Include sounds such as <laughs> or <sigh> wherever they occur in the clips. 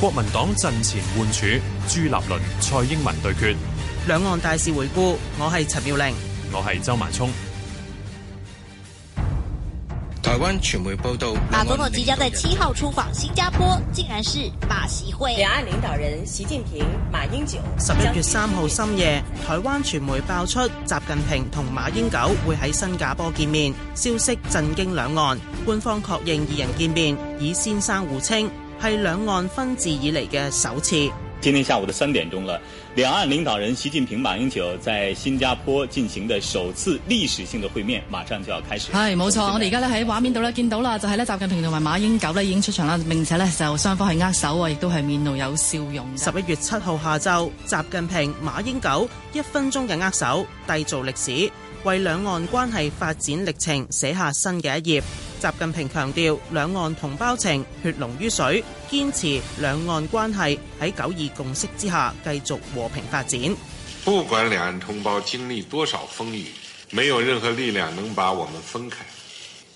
國民黨陣前換柱，朱立倫、蔡英文對決。兩岸大事回顧，我係陳妙玲，我係周曼聰。台灣傳媒報道，馬總統即將在七號出訪新加坡，竟然是馬習會。兩岸領導人習近平、馬英九。十一月三號深夜，台灣傳媒爆出習近平同馬英九會喺新加坡見面，消息震驚兩岸。官方確認二人見面，以先生互稱。係兩岸分治以嚟嘅首次。今天下午的三點鐘了，兩岸領導人習近平、馬英九在新加坡進行嘅首次歷史性的會面，馬上就要開始。係冇錯，我哋而家呢喺畫面度呢見到啦，就係、是、呢習近平同埋馬英九呢已經出場啦，並且呢，就雙方係握手，亦都係面露有笑容。十一月七號下晝，習近平、馬英九一分鐘嘅握手，締造歷史，為兩岸關係發展歷程寫下新嘅一頁。習近平強調兩岸同胞情血濃於水，堅持兩岸關係喺九二共識之下繼續和平發展。不管兩岸同胞經歷多少風雨，沒有任何力量能把我們分開。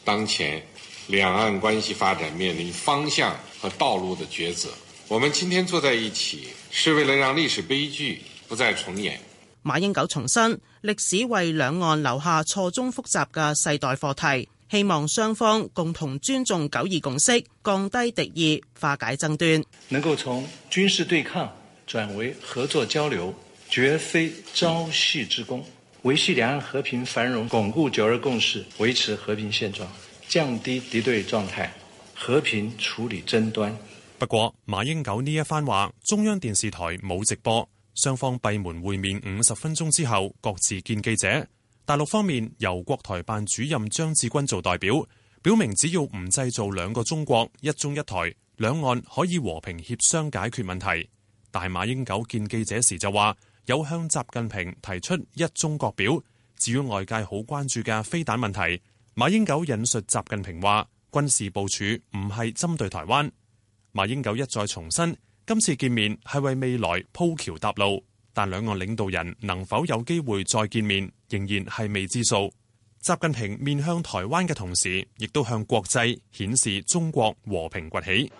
當前，兩岸關係發展面臨方向和道路的抉擇。我們今天坐在一起，是為了讓歷史悲劇不再重演。馬英九重申，歷史為兩岸留下錯綜複雜嘅世代課題。希望雙方共同尊重九二共識，降低敵意，化解爭端。能夠從軍事對抗轉為合作交流，絕非朝夕之功。維繫兩岸和平繁榮，鞏固九二共識，維持和平現狀，降低敵對狀態，和平處理爭端。不過，馬英九呢一番話，中央電視台冇直播，雙方閉門會面五十分鐘之後，各自見記者。大陸方面由國台辦主任張志軍做代表，表明只要唔製造兩個中國、一中一台，兩岸可以和平協商解決問題。但馬英九見記者時就話，有向習近平提出一中國表。至於外界好關注嘅飛彈問題，馬英九引述習近平話，軍事部署唔係針對台灣。馬英九一再重申，今次見面係為未來鋪橋搭路。但兩岸領導人能否有機會再見面，仍然係未知數。習近平面向台灣嘅同時，亦都向國際顯示中國和平崛起。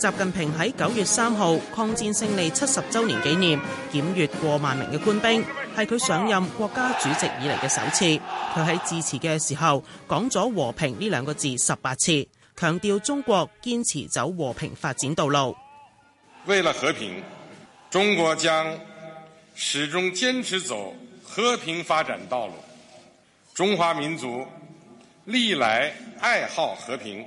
習近平喺九月三號抗戰勝利七十周年紀念檢閱過萬名嘅官兵，係佢上任國家主席以嚟嘅首次。佢喺致辭嘅時候講咗和平呢兩個字十八次，強調中國堅持走和平發展道路。為了和平，中國將始終堅持走和平發展道路。中華民族歷來愛好和平。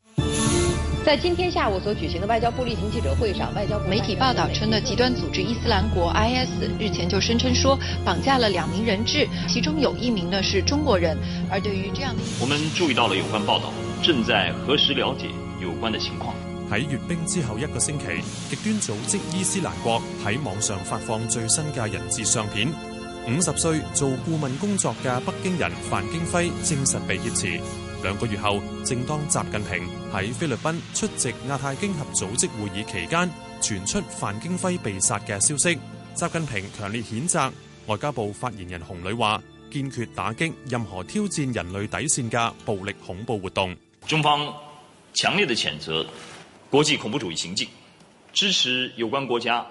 在今天下午所舉行的外交部例行記者會上，外交媒體報道稱，的極端組織伊斯蘭國 （IS） 日前就聲稱說，綁架了兩名人質，其中有一名呢是中國人。而對於這樣的，我們注意到了有關報道，正在核實了解有關的情況。喺閱兵之後一個星期，極端組織伊斯蘭國喺網上發放最新嘅人質相片。五十歲做顧問工作嘅北京人樊京輝證實被挾持。兩個月後，正當習近平喺菲律賓出席亞太經合組織會議期間，傳出范京輝被殺嘅消息，習近平強烈譴責。外交部發言人洪磊話：堅決打擊任何挑戰人類底線嘅暴力恐怖活動。中方強烈的譴責國際恐怖主義行徑，支持有關國家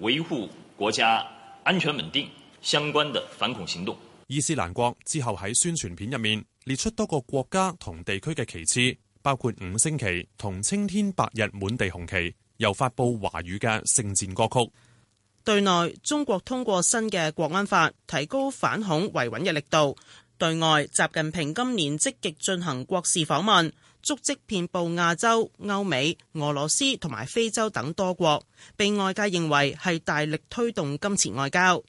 維護國家安全穩定相關的反恐行動。伊斯蘭國之後喺宣傳片入面，列出多個國家同地區嘅旗幟，包括五星旗同青天白日滿地紅旗，又發布華語嘅聖戰歌曲。對內，中國通過新嘅國安法，提高反恐維穩嘅力度；對外，習近平今年積極進行國事訪問，足跡遍布亞洲、歐美、俄羅斯同埋非洲等多國，被外界認為係大力推動金錢外交。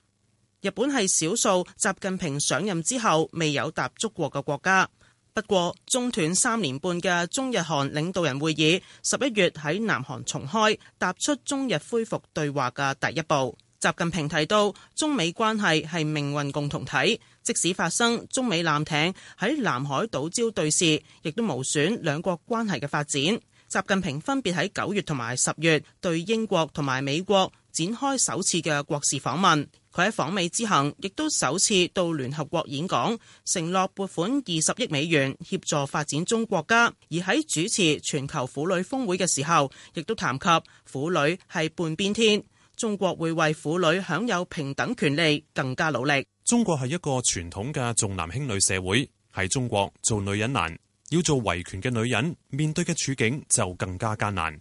日本係少數習近平上任之後未有踏足過嘅國家。不過中斷三年半嘅中日韓領導人會議，十一月喺南韓重開，踏出中日恢復對話嘅第一步。習近平提到，中美關係係命運共同體，即使發生中美艦艇喺南海島礁對峙，亦都無損兩國關係嘅發展。習近平分別喺九月同埋十月對英國同埋美國展開首次嘅國事訪問。佢喺訪美之行亦都首次到聯合國演講，承諾撥款二十億美元協助發展中國家；而喺主持全球婦女峰會嘅時候，亦都談及婦女係半邊天，中國會為婦女享有平等權利更加努力。中國係一個傳統嘅重男輕女社會，喺中國做女人難，要做維權嘅女人，面對嘅處境就更加艱難。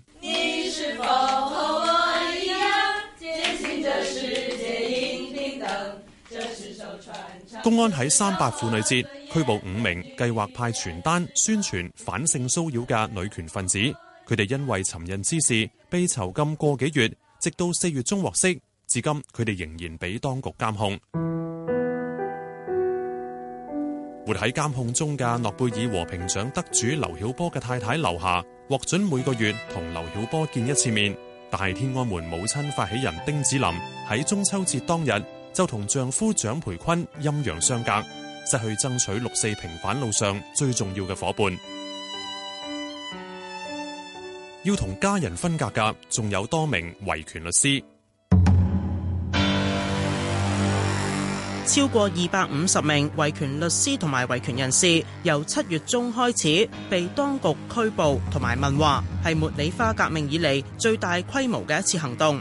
公安喺三八婦女節拘捕五名計劃派傳單宣傳反性騷擾嘅女權分子，佢哋因為尋釁滋事被囚禁過幾月，直到四月中獲釋，至今佢哋仍然俾當局監控。活喺監控中嘅諾貝爾和平獎得主劉曉波嘅太太劉霞，獲准每個月同劉曉波見一次面。大天安門母親發起人丁子霖喺中秋節當日，就同丈夫蔣培坤陰陽相隔，失去爭取六四平反路上最重要嘅夥伴。要同家人分隔嘅，仲有多名維權律師。超過二百五十名維權律師同埋維權人士，由七月中開始被當局拘捕同埋問話，係茉莉花革命以嚟最大規模嘅一次行動。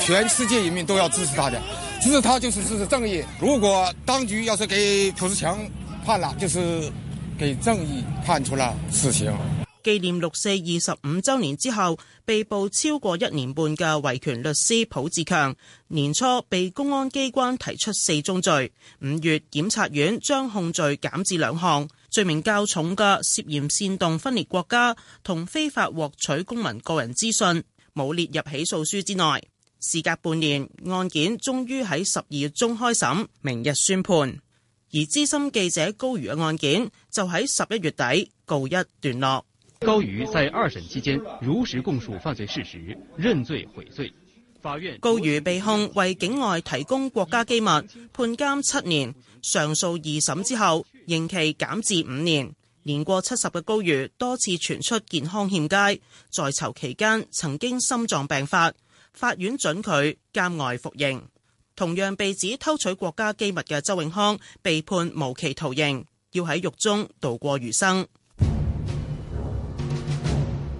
全世界人民都要支持他的，支持他就是支持正義。如果當局要是給浦志強判了，就是給正義判出了死刑。紀念六四二十五周年之後，被捕超過一年半嘅維權律師浦志強，年初被公安機關提出四宗罪。五月檢察院將控罪減至兩項，罪名較重嘅涉嫌煽動分裂國家同非法獲取公民個人資訊，冇列入起訴書之內。事隔半年，案件終於喺十二月中開審，明日宣判。而資深記者高瑜嘅案件就喺十一月底告一段落。高瑜在二審期間如實供述犯罪事實，認罪悔罪。法院高瑜被控為境外提供國家機密，判監七年。上訴二審之後，刑期減至五年。年過七十嘅高瑜多次傳出健康欠佳，在囚期間曾經心臟病發。法院准佢監外服刑。同樣被指偷取國家機密嘅周永康被判無期徒刑，要喺獄中度過餘生。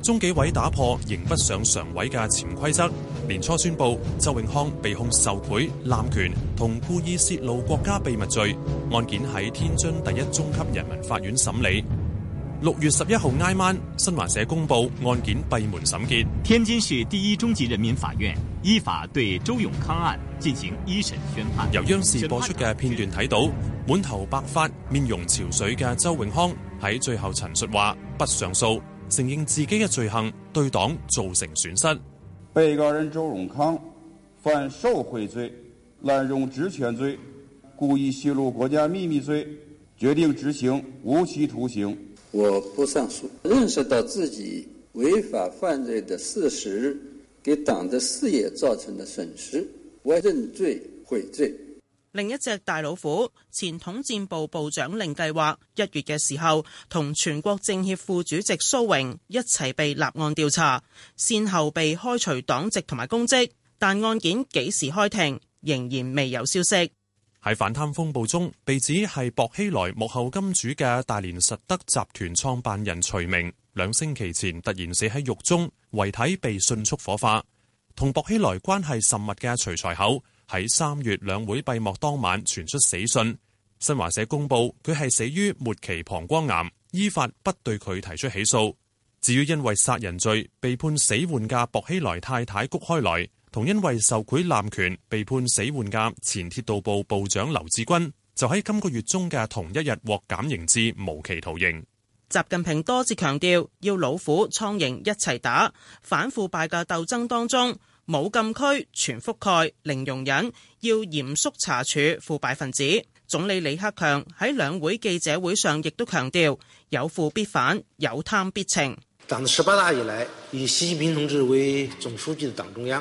中紀委打破刑不上常委嘅潛規則，年初宣布周永康被控受賄、濫權同故意泄露國家秘密罪案件喺天津第一中級人民法院審理。六月十一號挨晚，新華社公布案件閉門審結。天津市第一中級人民法院依法對周永康案進行一審宣判。由央視播出嘅片段睇到，滿頭白髮、面容憔悴嘅周永康喺最後陳述話不上訴，承認自己嘅罪行對黨造成損失。被告人周永康犯受賄罪、濫用職權罪、故意泄露國家秘密罪，決定執行無期徒刑。我不上訴，認識到自己違法犯罪的事實，給黨的事業造成的損失，我認罪悔罪。另一隻大老虎，前統戰部部長令計劃，一月嘅時候同全國政協副主席蘇榮一齊被立案調查，先後被開除黨籍同埋公職，但案件幾時開庭仍然未有消息。喺反貪風暴中，被指係薄熙來幕後金主嘅大連實德集團創辦人徐明，兩星期前突然死喺獄中，遺體被迅速火化。同薄熙來關係甚密嘅徐才厚，喺三月兩會閉幕當晚傳出死訊。新華社公佈佢係死於末期膀胱癌，依法不對佢提出起訴。至於因為殺人罪被判死緩嘅薄熙來太太谷開來，同因為受賄濫權被判死緩嘅前鐵道部部長劉志軍，就喺今個月中嘅同一日獲減刑至無期徒刑。習近平多次強調要老虎蒼蠅一齊打，反腐敗嘅鬥爭當中冇禁區、全覆蓋、零容忍，要嚴肅查處腐敗分子。總理李克強喺兩會記者會上亦都強調，有腐必反，有貪必懲。黨的十八大以來，以習近平同志為總書記嘅黨中央。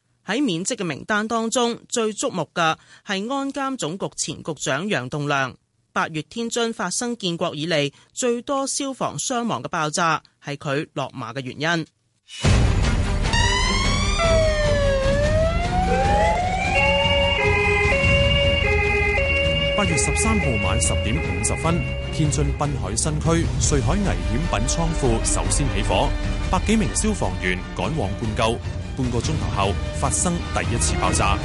喺免職嘅名單當中最矚目嘅係安監總局前局長楊棟梁。八月天津發生建國以嚟最多消防傷亡嘅爆炸，係佢落馬嘅原因。八月十三號晚十點五十分，天津濱海新區瑞海危險品倉庫首先起火，百幾名消防員趕往灌救。半個鐘頭後發生第一次爆炸，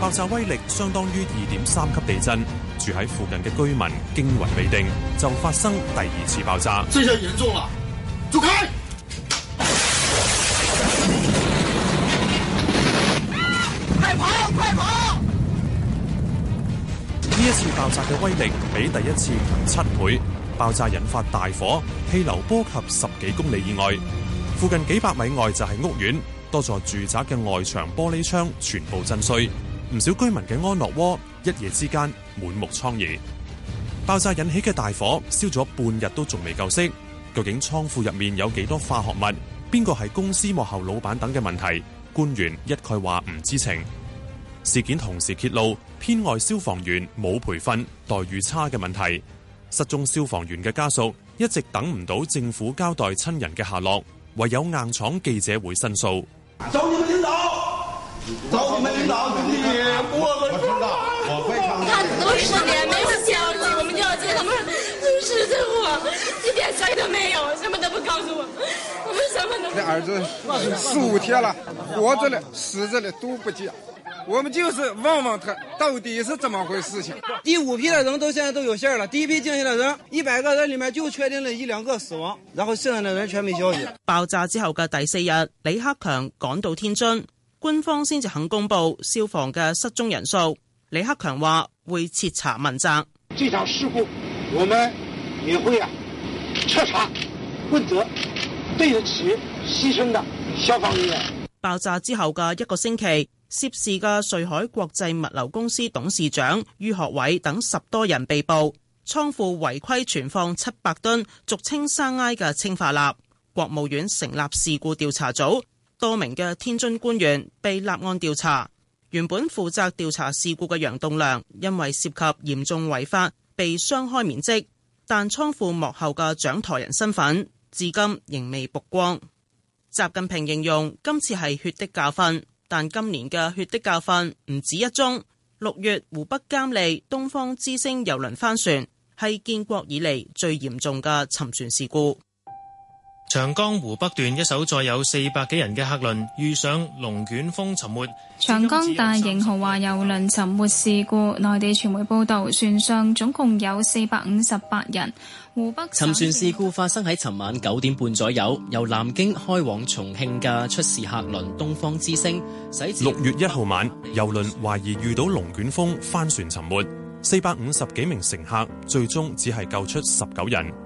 爆炸威力相當於二點三級地震。住喺附近嘅居民驚魂未定，就發生第二次爆炸。這下嚴重啦！走開、啊！快跑！快跑！呢一次爆炸嘅威力比第一次強七倍。爆炸引發大火，氣流波及十幾公里以外，附近幾百米外就係屋苑，多座住宅嘅外牆玻璃窗全部震碎，唔少居民嘅安樂窩一夜之間滿目瘡痍。爆炸引起嘅大火燒咗半日都仲未夠熄，究竟倉庫入面有幾多化學物，邊個係公司幕後老闆等嘅問題，官員一概話唔知情。事件同時揭露編外消防員冇培訓、待遇差嘅問題。失蹤消防員嘅家屬一直等唔到政府交代親人嘅下落，唯有硬闖記者會申訴。你兒子我訴哋四五天死都不知我們就是問問他到底是怎麼回事情。第五批的人到現在都有信兒了。第一批進去的人，一百個人裏面就確定了一兩個死亡，然後剩下的人全沒消息。爆炸之後嘅第四日，李克強趕到天津，官方先至肯公布消防嘅失蹤人數。李克強話會徹查問責。這場事故，我們也會啊，徹查問責，對得起犧牲的消防人員。爆炸之後嘅一個星期。涉事嘅瑞海國際物流公司董事長于學偉等十多人被捕，倉庫違規存放七百噸俗稱山埃嘅氰化鈉。國務院成立事故調查組，多名嘅天津官員被立案調查。原本負責調查事故嘅楊棟梁因為涉及嚴重違法被雙開免職，但倉庫幕後嘅掌舵人身份至今仍未曝光。習近平形容今次係血的教訓。但今年嘅血的教訓唔止一宗。六月，湖北監利東方之星郵輪翻船，係建國以嚟最嚴重嘅沉船事故。長江湖北段一艘載有四百幾人嘅客輪遇上龍捲風沉沒。長江大型豪華遊輪沉沒事故，內地傳媒報道，船上總共有四百五十八人。湖北沉船事故發生喺尋晚九點半左右，由南京開往重慶嘅出事客輪東方之星，六月一號晚遊輪懷疑遇到龍捲風翻船沉沒，四百五十幾名乘客最終只係救出十九人。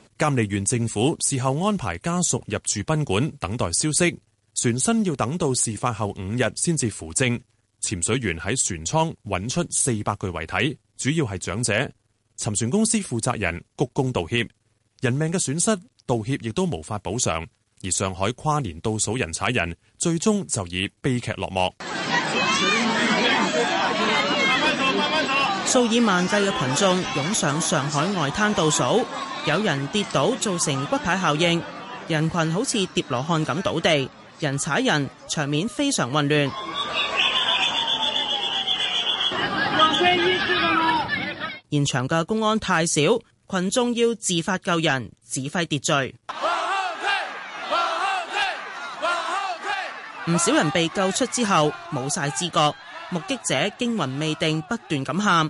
監利縣政府事後安排家屬入住賓館等待消息，船身要等到事發後五日先至扶正。潛水員喺船艙揾出四百具遺體，主要係長者。沉船公司負責人鞠躬道歉，人命嘅損失道歉亦都無法補償。而上海跨年倒數人踩人，最終就以悲劇落幕。 <laughs> 數以萬計嘅群眾湧上上海外灘倒數，有人跌倒造成骨牌效應，人群好似疊羅漢咁倒地，人踩人，場面非常混亂。現場嘅公安太少，群眾要自發救人，指揮秩序。唔少人被救出之後冇晒知覺，目擊者驚魂未定，不斷咁喊。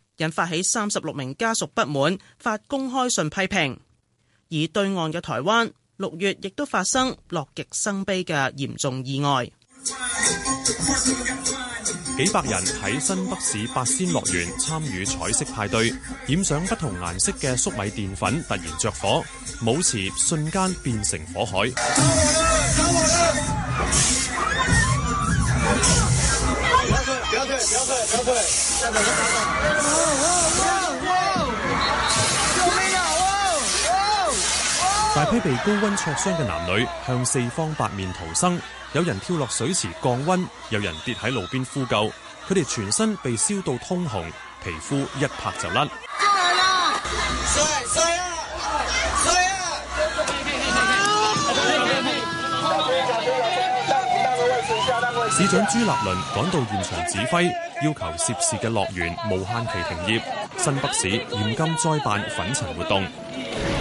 引發起三十六名家屬不滿，發公開信批評。而對岸嘅台灣，六月亦都發生樂極生悲嘅嚴重意外。幾百人喺新北市八仙樂園參與彩色派對，染上不同顏色嘅粟米澱粉突然着火，舞池瞬間變成火海。一批被高溫灼傷嘅男女向四方八面逃生，有人跳落水池降溫，有人跌喺路邊呼救。佢哋全身被燒到通紅，皮膚一拍就甩。市長朱立倫趕到現場指揮，要求涉事嘅樂園無限期停業，新北市嚴禁再辦粉塵活動。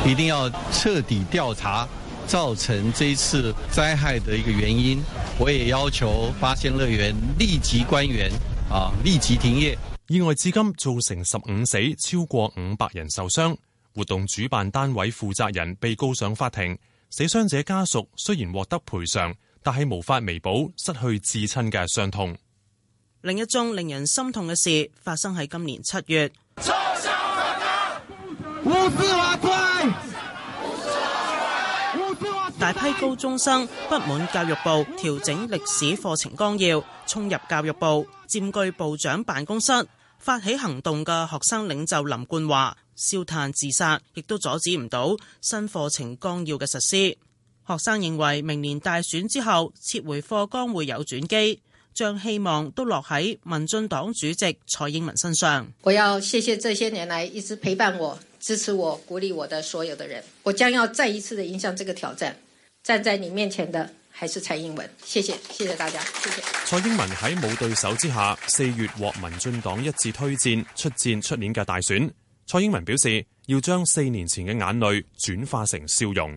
一定要徹底調查造成這次災害嘅一個原因。我也要求八仙樂園立即關園，啊，立即停業。意外至今造成十五死，超過五百人受傷。活動主辦單位負責人被告上法庭，死傷者家屬雖然獲得賠償，但係無法彌補失去至親嘅傷痛。另一宗令人心痛嘅事發生喺今年七月。大批高中生不滿教育部調整歷史課程綱要，衝入教育部佔據部長辦公室，發起行動嘅學生領袖林冠華燒炭自殺，亦都阻止唔到新課程綱要嘅實施。學生認為明年大選之後撤回課綱會有轉機，將希望都落喺民進黨主席蔡英文身上。我要謝謝這些年來一直陪伴我、支持我、鼓勵我的所有的人。我將要再一次的迎向這個挑戰。站在你面前的還是蔡英文。謝謝，謝謝大家，謝謝。蔡英文喺冇對手之下，四月獲民進黨一致推薦出戰出年嘅大選。蔡英文表示要將四年前嘅眼淚轉化成笑容。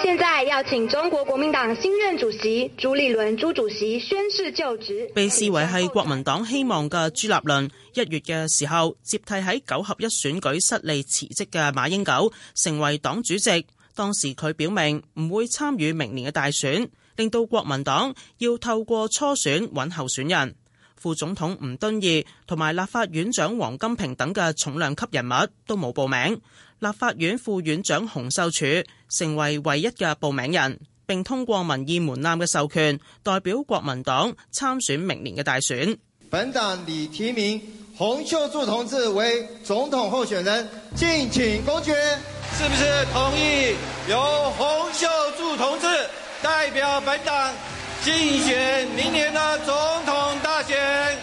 現在要請中國國民黨新任主席朱立倫朱主席宣誓就職。被視為係國民黨希望嘅朱立倫，一月嘅時候接替喺九合一選舉失利辭職嘅馬英九，成為黨主席。當時佢表明唔會參與明年嘅大選，令到國民黨要透過初選揾候選人。副總統吳敦義同埋立法院長王金平等嘅重量級人物都冇報名。立法院副院長洪秀柱成為唯一嘅報名人，並通過民意門檻嘅授權，代表國民黨參選明年嘅大選。本黨擬提名洪秀柱同志為總統候選人，敬請公決，是不是同意由洪秀柱同志代表本黨競選明年的總統大選？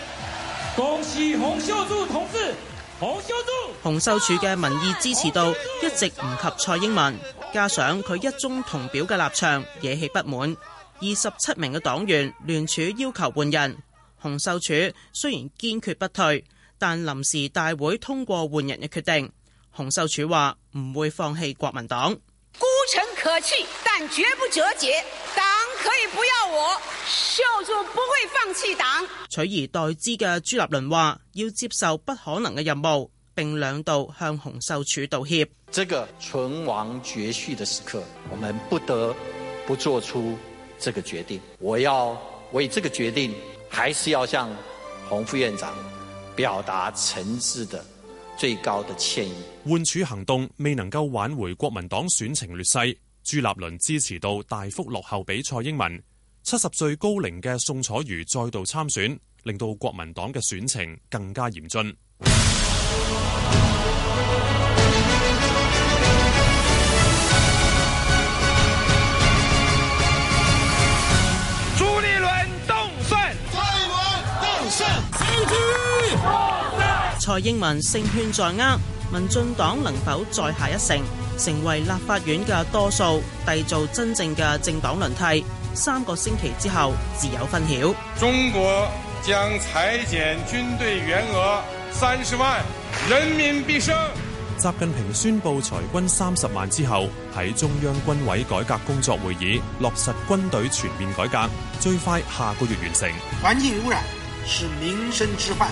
恭喜洪秀柱同志！洪秀柱，洪秀柱嘅民意支持度一直唔及蔡英文，加上佢一中同表嘅立場惹氣不滿，二十七名嘅黨員聯署要求換人。洪秀柱雖然堅決不退，但臨時大會通過換人嘅決定。洪秀柱話唔會放棄國民黨，孤臣可棄，但絕不折節。可以不要我，秀柱不會放棄黨。取而代之嘅朱立倫話，要接受不可能嘅任務，並兩度向洪秀柱道歉。這個存亡絕續的時刻，我們不得不做出這個決定。我要為這個決定，還是要向洪副院長表達誠摯的、最高的歉意。換柱行動未能夠挽回國民黨選情劣勢。朱立倫支持到大幅落後，比蔡英文七十歲高齡嘅宋楚瑜再度參選，令到國民黨嘅選情更加嚴峻。蔡英文勝券在握，民進黨能否再下一城，成為立法院嘅多數，締造真正嘅政黨輪替？三個星期之後，自有分曉。中國將裁減軍隊員額三十萬，人民必勝。習近平宣布裁軍三十萬之後，喺中央軍委改革工作會議，落實軍隊全面改革，最快下個月完成。環境污染是民生之患。